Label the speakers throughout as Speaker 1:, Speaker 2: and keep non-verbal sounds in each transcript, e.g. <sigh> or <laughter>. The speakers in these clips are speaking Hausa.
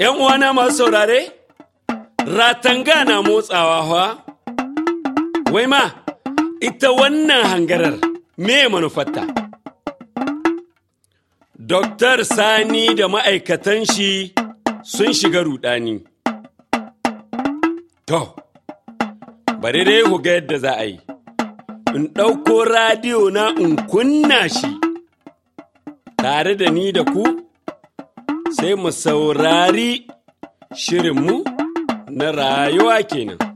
Speaker 1: ‘Yan uwana masu saurare, ratanga na motsawa hawa, wai ma, ita wannan hangarar me manufatta? Doktar Sani da ma'aikatan shi sun shiga rudani. To, bari dai ku ga yadda za a yi, in ɗauko radiyo na in kunna shi, tare da ni da ku? sai mu saurari shirinmu na rayuwa kenan.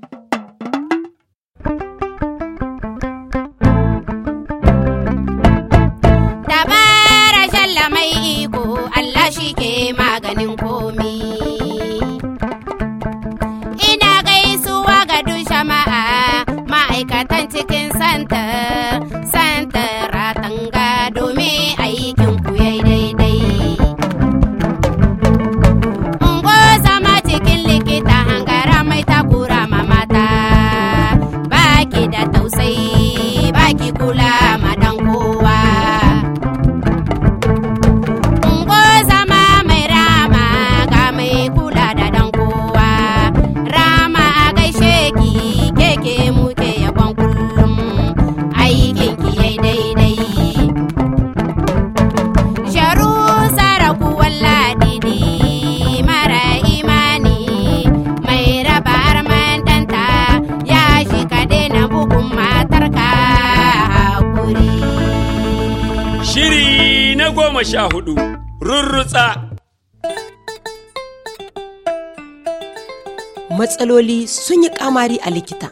Speaker 2: matsaloli sun yi kamari a likita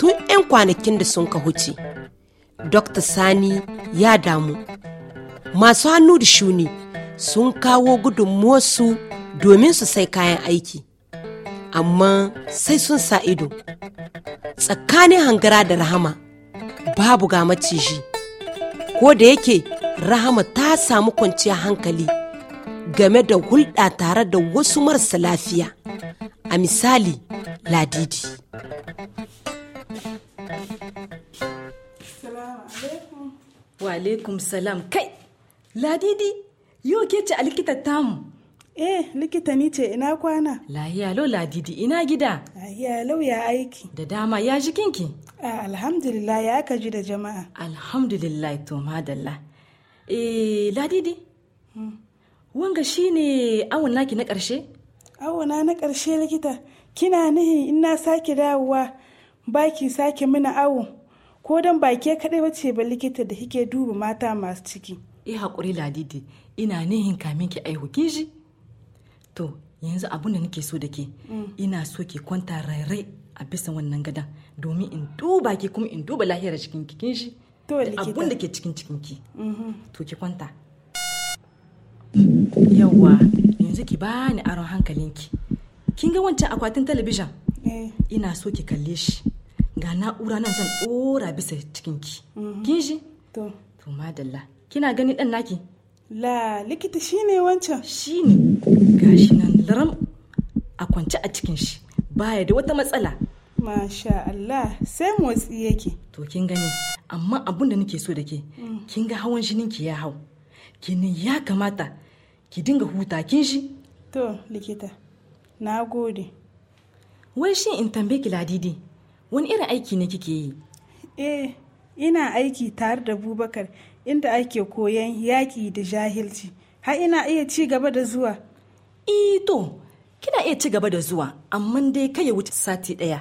Speaker 2: tun 'yan kwanakin da sun ka huce. Dr. Sani ya damu. Masu hannu da shuni sun kawo su domin su sai kayan aiki, amma sai sun sa ido. Tsakanin hangara da rahama babu ga maciji, ko da yake rahama ta samu kwanciyar hankali game da hulɗa tare da wasu marasa lafiya a misali ladidi
Speaker 3: wa alaikum salam kai ladidi yau ke ce a likita tamu Eh, likita ni ce ina kwana. Lahiya lo ladidi ina gida. Lahiya lo ya aiki. Da dama ya ji kinki? alhamdulillah ya kaji ji da jama'a. Alhamdulillah to madalla. Eh, ladidi. Hmm. Wanga shi ne awon naki na ƙarshe? awona na ƙarshe likita kina nihi in na sake dawowa baki sake mini awo ko dan baki kaɗai wace ba likita da kike duba mata masu ciki hakuri ladidi ina nihin kamin ki aihu kin shi to yanzu abun da nake so da ke mm. ina so ki kwanta rairai a bisa wannan gadan domin in duba ki kuma in duba lahiyar cikin ki kin ji to abun da ke cikin cikin ki mm-hmm. to ki kwanta yawwa. ki bani aron hankalinki kin ga wancan akwatin talabijin eh. ina so ki kalle shi ga na'ura nan zan dora bisa cikinki mhm. kin ji? to to madalla kina gani dan naki la likita shine wancan shine gashi nan laram a kwance a cikin shi baya da wata matsala Masha Allah sai motsi yake. To kin gani amma abun da nake so da ke mm. kin ga hawan jinin ki ya hau. Kinin ya kamata ki dinga huta kin shi to likita na gode wai shi in tambaye ki ladidi wani irin aiki ne kike yi eh ina aiki tare da bubakar inda ake koyan yaƙi da jahilci har ina iya ci gaba da zuwa eh to kina iya ci gaba da zuwa amma dai kai ya wuce sati ɗaya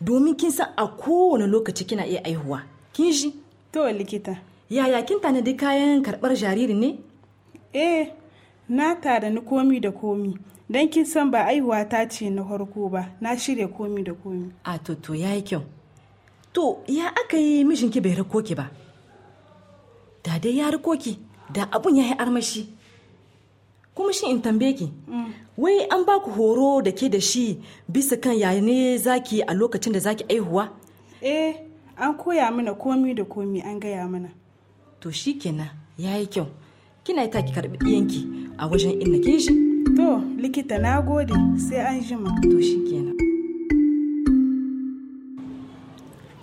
Speaker 3: domin kin san a kowane lokaci kina iya aihuwa kin shi? to likita yaya kin tanadi kayan karɓar jariri ne eh na tara ni komi da komi don kin san ba aihuwa ta ce na farko ba na shirya komi da komi a to to yayi kyau to ya aka yi mijinki bai rako ki ba da dai ya rako ki da abun ya yi armashi kuma shi in tambaye ki mm. wai an baku horo da ke da shi bisa kan ya ne zaki a lokacin da zaki aihuwa eh an koya mana komi da komi an gaya mana to shikenan yayi kyau kina ta ki karbi ɗiyanki a wajen inda ke shi to likita na gode sai an ma. to kenan.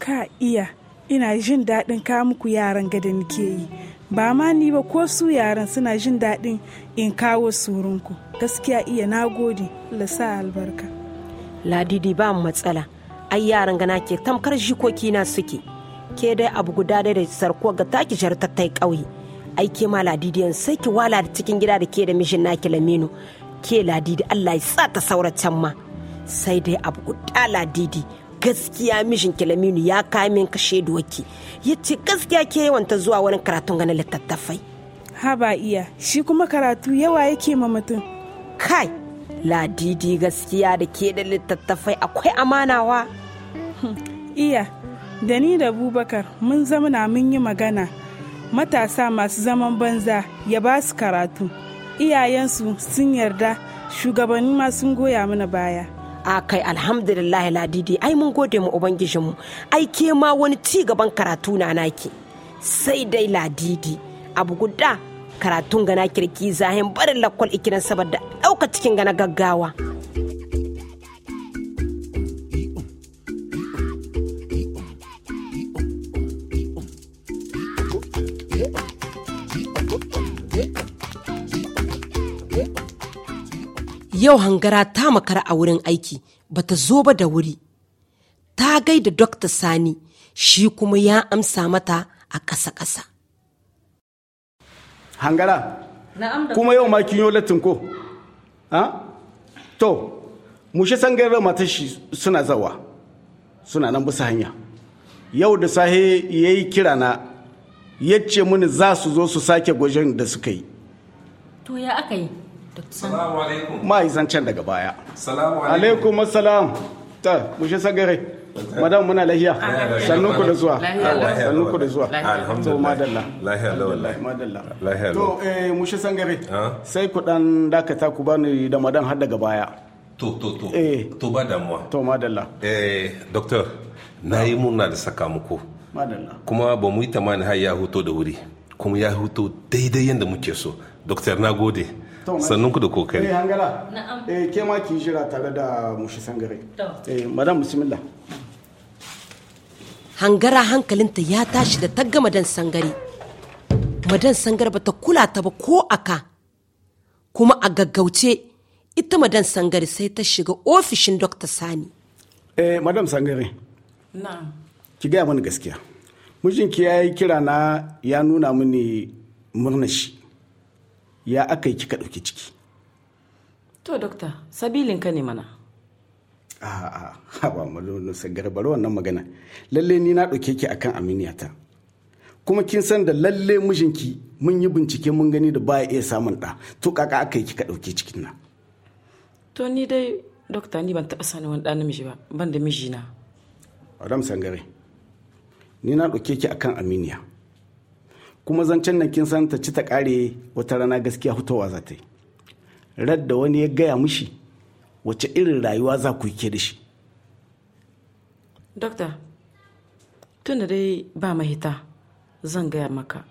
Speaker 3: ka iya ina jin daɗin ka muku yaran gada nike yi ba ma ni ba ko su yaran suna jin daɗin in kawo surunku gaskiya iya na gode sa albarka
Speaker 2: ladidi ba matsala ai yaran gana ke tamkar jikoki na suke ke dai abu guda dai da sarko ga taki jartattai ƙauye aike ma ladidiyan sai ki wala da cikin gida da ke da mishin naki laminu ke ladidi Allah ya sa ta sauracen ma sai dai abu guda ladidi gaskiya mishin kilaminu ya min kashe duwaki ya ce gaskiya ke yawanta zuwa wani karatun ganin littattafai
Speaker 3: haba iya shi kuma karatu yawa yake ma mutum kai ladidi gaskiya da ke da littattafai akwai amanawa iya da ni da bubakar mun zamana mun yi magana matasa masu zaman banza ya ba su karatu
Speaker 2: iyayensu sun yarda shugabanni ma sun goya mana baya a kai alhamdulillah ladidi ai mun gode mu ubangijinmu ai ke ma wani ci gaban karatu na naki sai dai ladidi abu guda karatun gana kirki zahin barin lakwal ikinan saboda ɗauka cikin gana gaggawa Yau hangara ta makara a wurin aiki bata zo ba da wuri. Ta gaida Dokta Sani shi kuma ya amsa mata a ƙasa-ƙasa.
Speaker 1: Hangara, kuma yau makin kin latin ko? Ha? To, mushe sangarar matar shi suna zawa, suna nan bisa hanya. Yau da sahe ya yi kira na ya ce mini za su zo su sake gwajin da suka yi.
Speaker 4: To ya
Speaker 5: aka yi? Salamu alaikum.
Speaker 1: Ma zancen daga baya. Salamu alaikum. Alaikum assalam. Ta, mushe sagare. madam muna lahiya sannu ku da zuwa sannu ku da zuwa to madalla lahiya la wallahi madalla lahiya to eh mushi sangare sai ku dan dakata ku bani da madan har daga baya to to to eh to ba damuwa to
Speaker 5: madalla eh doctor nayi murna da saka muku madalla kuma ba mu yi tamani har ya huto da wuri kuma ya huto daidai yadda muke so Doktor na gode. Sannun ku da kokari. Eh hangala. Na'am. Eh
Speaker 1: ke ma ki jira tare da mushi sangare. Eh madam bismillah.
Speaker 2: Hangara hankalinta ya tashi da tagga ga madan sangare. Madan sangare bata kula ta ba ko aka. Kuma a gaggauce ita madan sangare sai ta shiga ofishin Dr. Sani.
Speaker 1: Eh madam sangare. Na'am. Ki gaya mana gaskiya. Mijinki ya yi kira na ya nuna mini murnashi. ya aka yi kika ɗauki ciki
Speaker 3: to dokta sabilin ka ne mana
Speaker 1: a'a ha ba malonu garbar wannan magana lalle ni na ɗauke ki akan aminiyata kuma kin san da lalle mijinki mun yi bincike mun gani da baya iya samun ɗa to kaka aka yi kika ɗauke cikin nan
Speaker 3: to ni dai dokta ni ban taɓa sani wani ɗa namiji ba ban da mijina
Speaker 1: adam sangare ni na ɗauke ki akan aminiya kuma zancen nan kin san ta ci ta kare wata rana gaskiya hutawa za ta yi radda wani ya gaya mishi wace irin rayuwa za ku ke da shi
Speaker 3: dokta tunda dai ba mahita zan gaya maka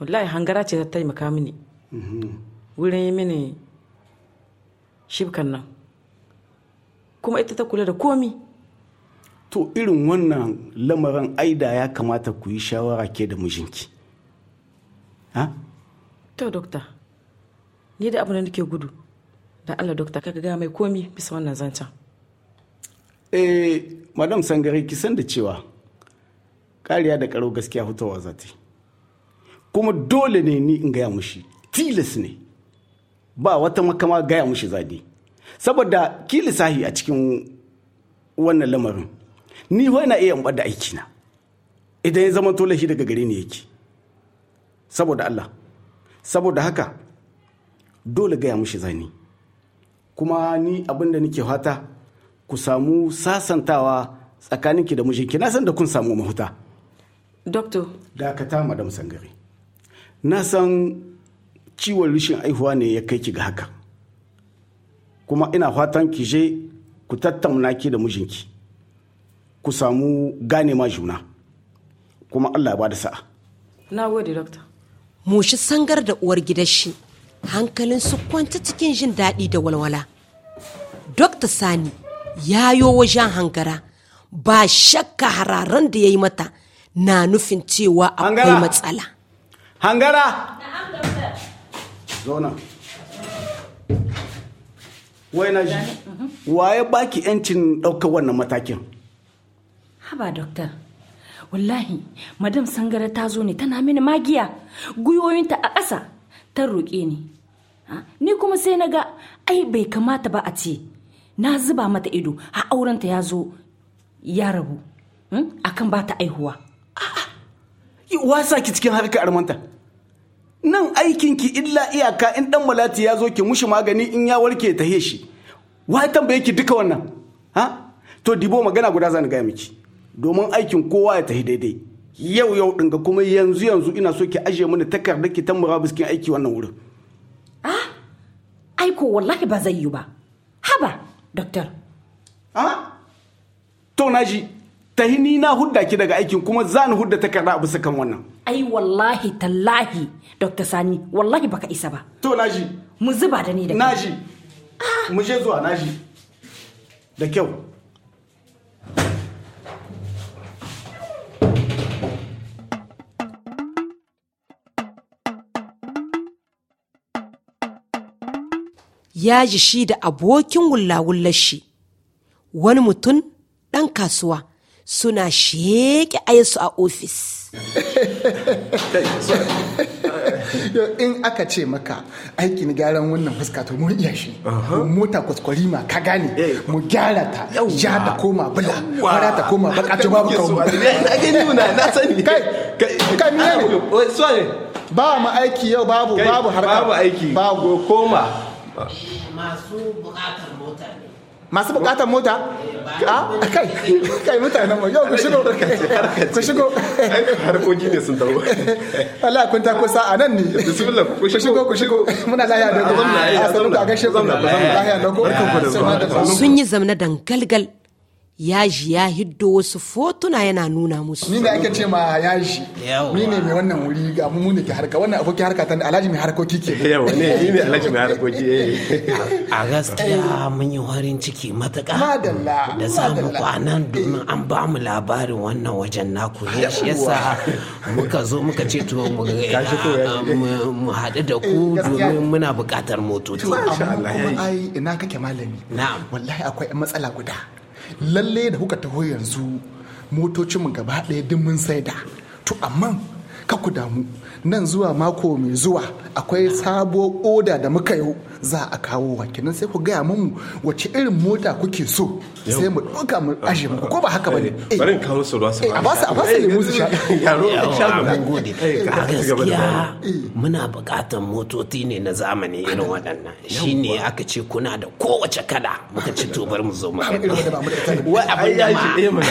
Speaker 3: wallahi hangara ce ta taimaka mini mhm. wurin yi mini shibkan nan kuma ita ta kula
Speaker 1: da komi to irin wannan lamarin aida ya kamata ku yi shawara ke da mijinki ha
Speaker 3: to dokta ni da abin da nake gudu da Allah dokta kaga ga mai komi bisa wannan zancen
Speaker 1: eh madam sangare ki san da cewa kariya da karo gaskiya hutawa zati kuma dole ne ni in gaya mushi tilas ne ba wata makama gaya mushi zadi saboda ki lissahi a cikin wannan lamarin ni wai na iya in aikina idan ya zama tola shi daga gare ni yake saboda Allah saboda haka dole gaya mushi zani kuma ni abinda nake fata ku samu sasantawa tsakaninki da mijinki na san da kun samu mahuta doctor dakata madam sangare na san ciwon rishin aihuwa ne ya kai ki ga haka kuma ina fatan ki je ku tattauna ki da mijinki ku samu gane ma juna kuma Allah ya bada sa'a
Speaker 2: na gode doctor moshi sangar da uwar gidan shi hankalin su kwanta cikin jin daɗi da walwala dokta sani ya yo wajen hangara ba shakka hararan da ya yi mata na nufin cewa akwai matsala hangara
Speaker 1: Zona. wai na ji mhm. waye baki 'yancin ɗaukar wannan matakin
Speaker 4: haba Dokta. wallahi madam sangare ta zo ne tana mini magiya gwiwoyinta a ƙasa ta roƙe ni ni kuma sai na ga ai bai kamata ba a ce na zuba mata ido a aurenta ya zo ya rabu hmm, akan ba ta aihuwa wasa ki cikin harka armanta nan aikin ki illa iyaka in dan
Speaker 1: malati ya zo ki mushi magani in ya warke ta shi wa tambaye ki duka wannan ha to dibo magana guda zan gaya miki domin aikin kowa ya tafi daidai yau yau ɗin kuma yanzu yanzu ina so ki aje mini takarda ki ta murabu cikin aiki wannan wurin
Speaker 4: ah aiko wallahi ba zai yi ba haba doktor
Speaker 1: ah to na naji tahini na hudda ki daga aikin kuma ni hudda takarda a bisa kan wannan
Speaker 4: ai wallahi tallahi dr sani wallahi baka isa ba to naji mu zuba da ni da naji
Speaker 1: ah. mu je zuwa naji da kyau
Speaker 2: ya ji shi da abokin wulawullar shi wani mutum ɗan kasuwa suna a ayasu a ofis. in aka ce maka aikin
Speaker 6: gyaran wannan fuska to mun iya shi mota kwaskwari ma ka gane eh. mu gyara ta ja ta koma bula fara ta koma baka ta babu kawo na ga muna na sani kai kai ne ba ma aiki yau babu babu harka babu aiki babu koma
Speaker 5: masu bukatar mota ne
Speaker 6: masu bukatar mota?
Speaker 5: Eh,
Speaker 6: a ah, kai kai mutanen mu yau ku shigo ku shigo harkoki ne sun tabo <laughs> Allah kun ta kusa a nan ne bismillah ku shigo ku shigo muna lahiya da ku a sanu ka
Speaker 2: gaishe ku lahiya da ku sun yi zamna dangalgal yaji ya hiddo wasu fotuna yana nuna musu ni da ake ce ma yaji
Speaker 6: ni ne mai wannan wuri ga mu ne ke harka wannan akwai harka ta alhaji mai harkoki ke yawa ne ni ne alhaji mai
Speaker 5: harkoki eh. a gaskiya mun yi farin ciki matuƙa da samu kwanan domin an ba mu labarin wannan wajen naku ne shi yasa muka zo muka ce to mu haɗu da ku eh, domin muna buƙatar motoci. Amma kuma
Speaker 6: ai ina kake malami.
Speaker 5: Na'am. Wallahi akwai matsala guda.
Speaker 6: lalle da kuka taho yanzu motocinmu gaba ɗaya duk mun saida to amma ka ku damu nan zuwa mako mai zuwa akwai sabuwar oda da muka yi za a kawo wa kenan sai ku gaya mamu wace irin mota kuke so sai mu ɗauka mu ashe muku ko ba haka ne eh, bari kawo
Speaker 5: su ruwa su eh, a ba su a ba su lemu su sha eh, yaro sha mun gode gaskiya muna buƙatar motoci ne na zamani irin waɗannan shine aka ce kuna da kowace kada muka ci to bari mu zo mu wai abin da ma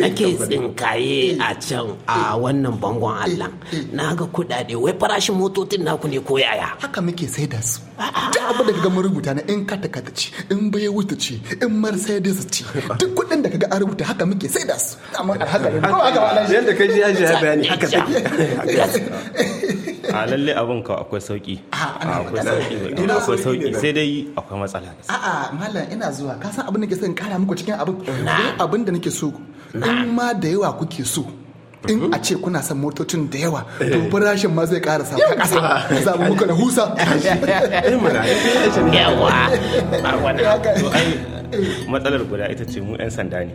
Speaker 5: nake tsinkaye a can a wannan bangon Allah na ga kudade wai farashin motocin naku ne ko yaya haka muke sai da
Speaker 6: su duk abin da kaga rubuta na in kata kata ci in baye wuta ci in mercedes ci duk kudin da kaga an rubuta haka muke sai da su amma haka ne ko haka ba yanda kai ji yaji bayani haka take
Speaker 1: a lalle abin ka akwai sauki akwai sauki akwai sauki sai dai akwai matsala
Speaker 6: a'a malam ina zuwa ka san abin da ke son kara muku cikin abin abin da nake so in ma da yawa kuke so in a ce kuna son motocin da yawa to eh. farashin ma zai karasa ta kasa za mu muka na husa eh,
Speaker 5: yawa matsalar guda ita ce mu 'yan sanda ne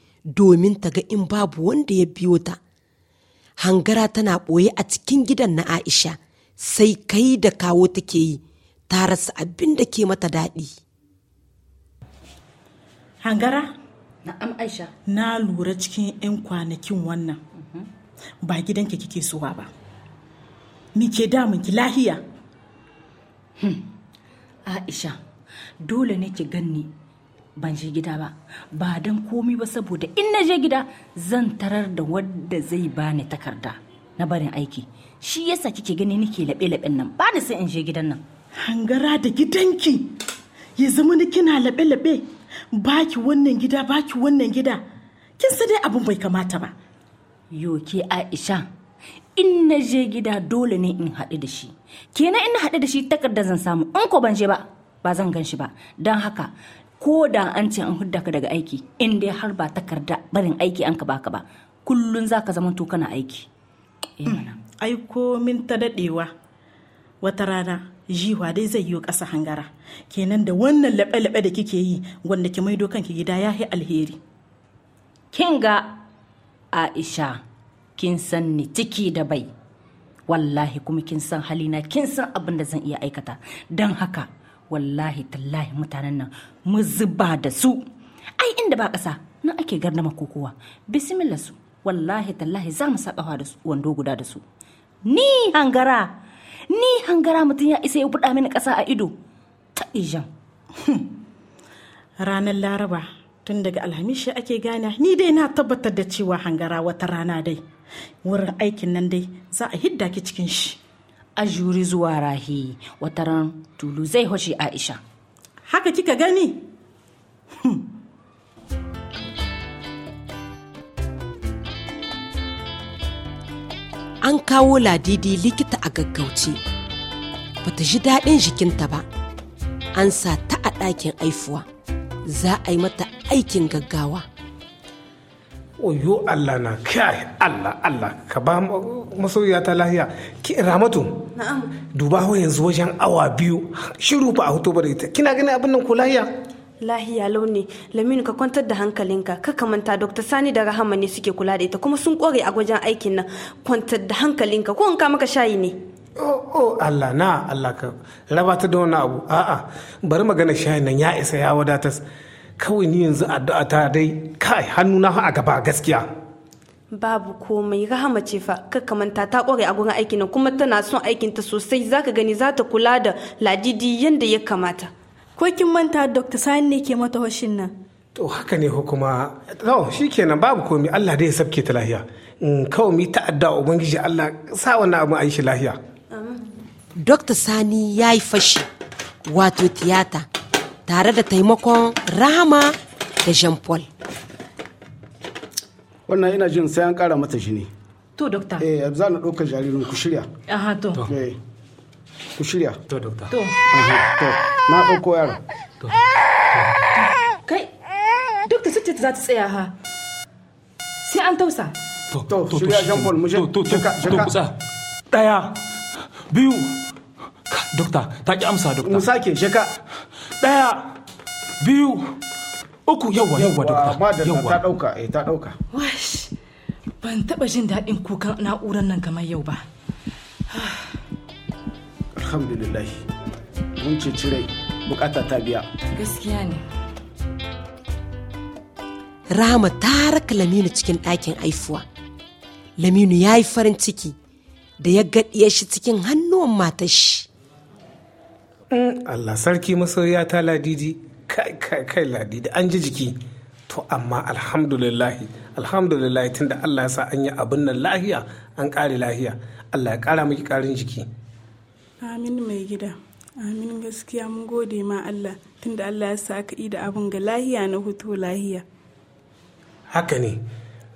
Speaker 2: domin ta ga in babu wanda ya biyo ta. Hangara tana ɓoye a cikin gidan na Aisha, sai kai da kawo take yi, ta rasa abin da ke mata daɗi.
Speaker 3: Hangara?
Speaker 4: Na'am Aisha.
Speaker 2: Na
Speaker 3: lura cikin 'yan kwanakin wannan, mhm. ba gidanka kike suwa ba. Ni
Speaker 4: ke ki lahiya? Hmm. Aisha, dole ne ki ganni ban je gida ba ba don komi ba saboda in na je gida zan tarar da wadda zai bani takarda na barin aiki shi yasa kike gani nake laɓe-laɓen nan ba ni sai in je gidan nan hangara da gidanki ya zama ni kina laɓe-laɓe baki wannan gida baki wannan gida kin sa dai abin bai kamata ba yoke aisha in na je gida dole ne in haɗu da shi kenan in na haɗu da shi takardar zan samu in ko ban je ba ba zan gan shi ba don haka ko da an ce an hudda ka daga aiki in dai har ba takarda barin aiki an ka baka ba kullun za ka zamanto kana aiki eh, mm. ai min ta
Speaker 3: dadewa wata rana jiwa dai zai yi ƙasa hangara kenan da wannan
Speaker 4: laɓe-laɓe da kike yi wanda ki maido kanki gida ya yi alheri kin ga aisha kin san ni ciki da bai wallahi kuma kin san halina kin san abin da zan iya aikata don haka wallahi tallahi mutanen nan mu zuba da su ai inda ba ƙasa nan ake gardama kokowa bismillah su wallahi tallahi za mu sakawa da su wando guda da su ni hangara ni hangara mutum ya isa ya buɗa mini ƙasa a ido ta ijan hmm.
Speaker 3: ranar laraba tun daga alhamishi ake gane ni dai na tabbatar da
Speaker 4: cewa hangara wata rana dai wurin aikin nan dai za a hidda ki cikin shi a juri zuwa rahi ran tulu zai hoce aisha haka kika gani hmm.
Speaker 2: an kawo ladidi likita a gaggauce ta ji daɗin jikinta ba an sa ta a ɗakin
Speaker 5: aifuwa za a yi mata aikin gaggawa oyo Allah na kai Allah Allah ka ba masoyiya ta lahiya ki ramatu duba ho yanzu wajen awa biyu shiru ba a hoto ba da kina ganin abin nan ko lahiya
Speaker 3: lahiya launi laminu ka kwantar da hankalinka ka kamanta dr sani da rahama ne suke kula da ita kuma sun kore a wajen aikin nan kwantar da hankalinka ko in ka maka shayi ne
Speaker 5: oh oh Allah na Allah ka raba ta da wani abu a'a bari magana shayin nan ya isa ya wadatas kawai ni yanzu addu'a ta dai kai hannu na a gaba gaskiya
Speaker 3: babu komai rahama ce fa kakamanta ta kware a gurin aikin kuma tana son aikin ta sosai zaka gani za ta kula da ladidi yanda ya kamata ko kin manta dr sani ne ke mata washin nan
Speaker 5: to haka ne hukuma to shikenan babu komai Allah dai ya sabke ta lahiya mm, kawai mu ta'adda ubangiji Allah sa wannan abu a yi shi lahiya
Speaker 2: dr sani ya yi fashi
Speaker 5: wato tiyata
Speaker 2: tare da taimakon rahama da jean paul
Speaker 1: wannan ina jin sai an kara mata jini to dokta eh za na ɗauka jaririn ku shirya aha to eh, ku shirya to dokta to to na ɗauko yaro to
Speaker 3: kai dokta suce za ta tsaya ha sai an tausa
Speaker 1: to to to shirya jean paul mu je to to to kusa daya biyu dokta ta ki amsa dokta mu sake sheka ɗaya biyu uku yawa yawa dokta yawa ta eh ta dauka
Speaker 3: wash ban taɓa jin daɗin kukan na'urar nan kamar yau ba
Speaker 1: alhamdulillah mun ceci rai bukata ta biya
Speaker 2: gaskiya ne rahama ta raka lamina cikin ɗakin aifuwa laminu ya yi farin ciki da ya gaɗiya shi cikin
Speaker 5: hannuwan matar shi Allah sarki masoya ta ladidi kai kai kai ladidi an ji jiki to amma alhamdulillahi alhamdulillahi tunda Allah ya sa an yi abin nan lahiya an kare lahiya Allah ya kara miki karin jiki
Speaker 3: amin mai gida amin gaskiya mun gode ma Allah tunda Allah ya sa ka da abin ga lahiya na hutu lahiya
Speaker 5: haka ne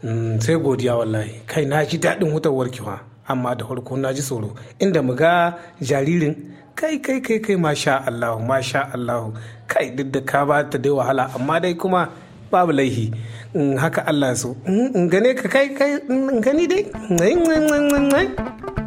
Speaker 5: mm, sai godiya wallahi kai na ji daɗin hutawar kiwa amma da farko na ji tsoro inda mu ga jaririn kai kai kai kai masha Allahu masha Allahu kai duk da ka ba ta dai wahala amma dai kuma babu laihi mm, haka Allah so mm, in gane ka kai kai in gani dai mm,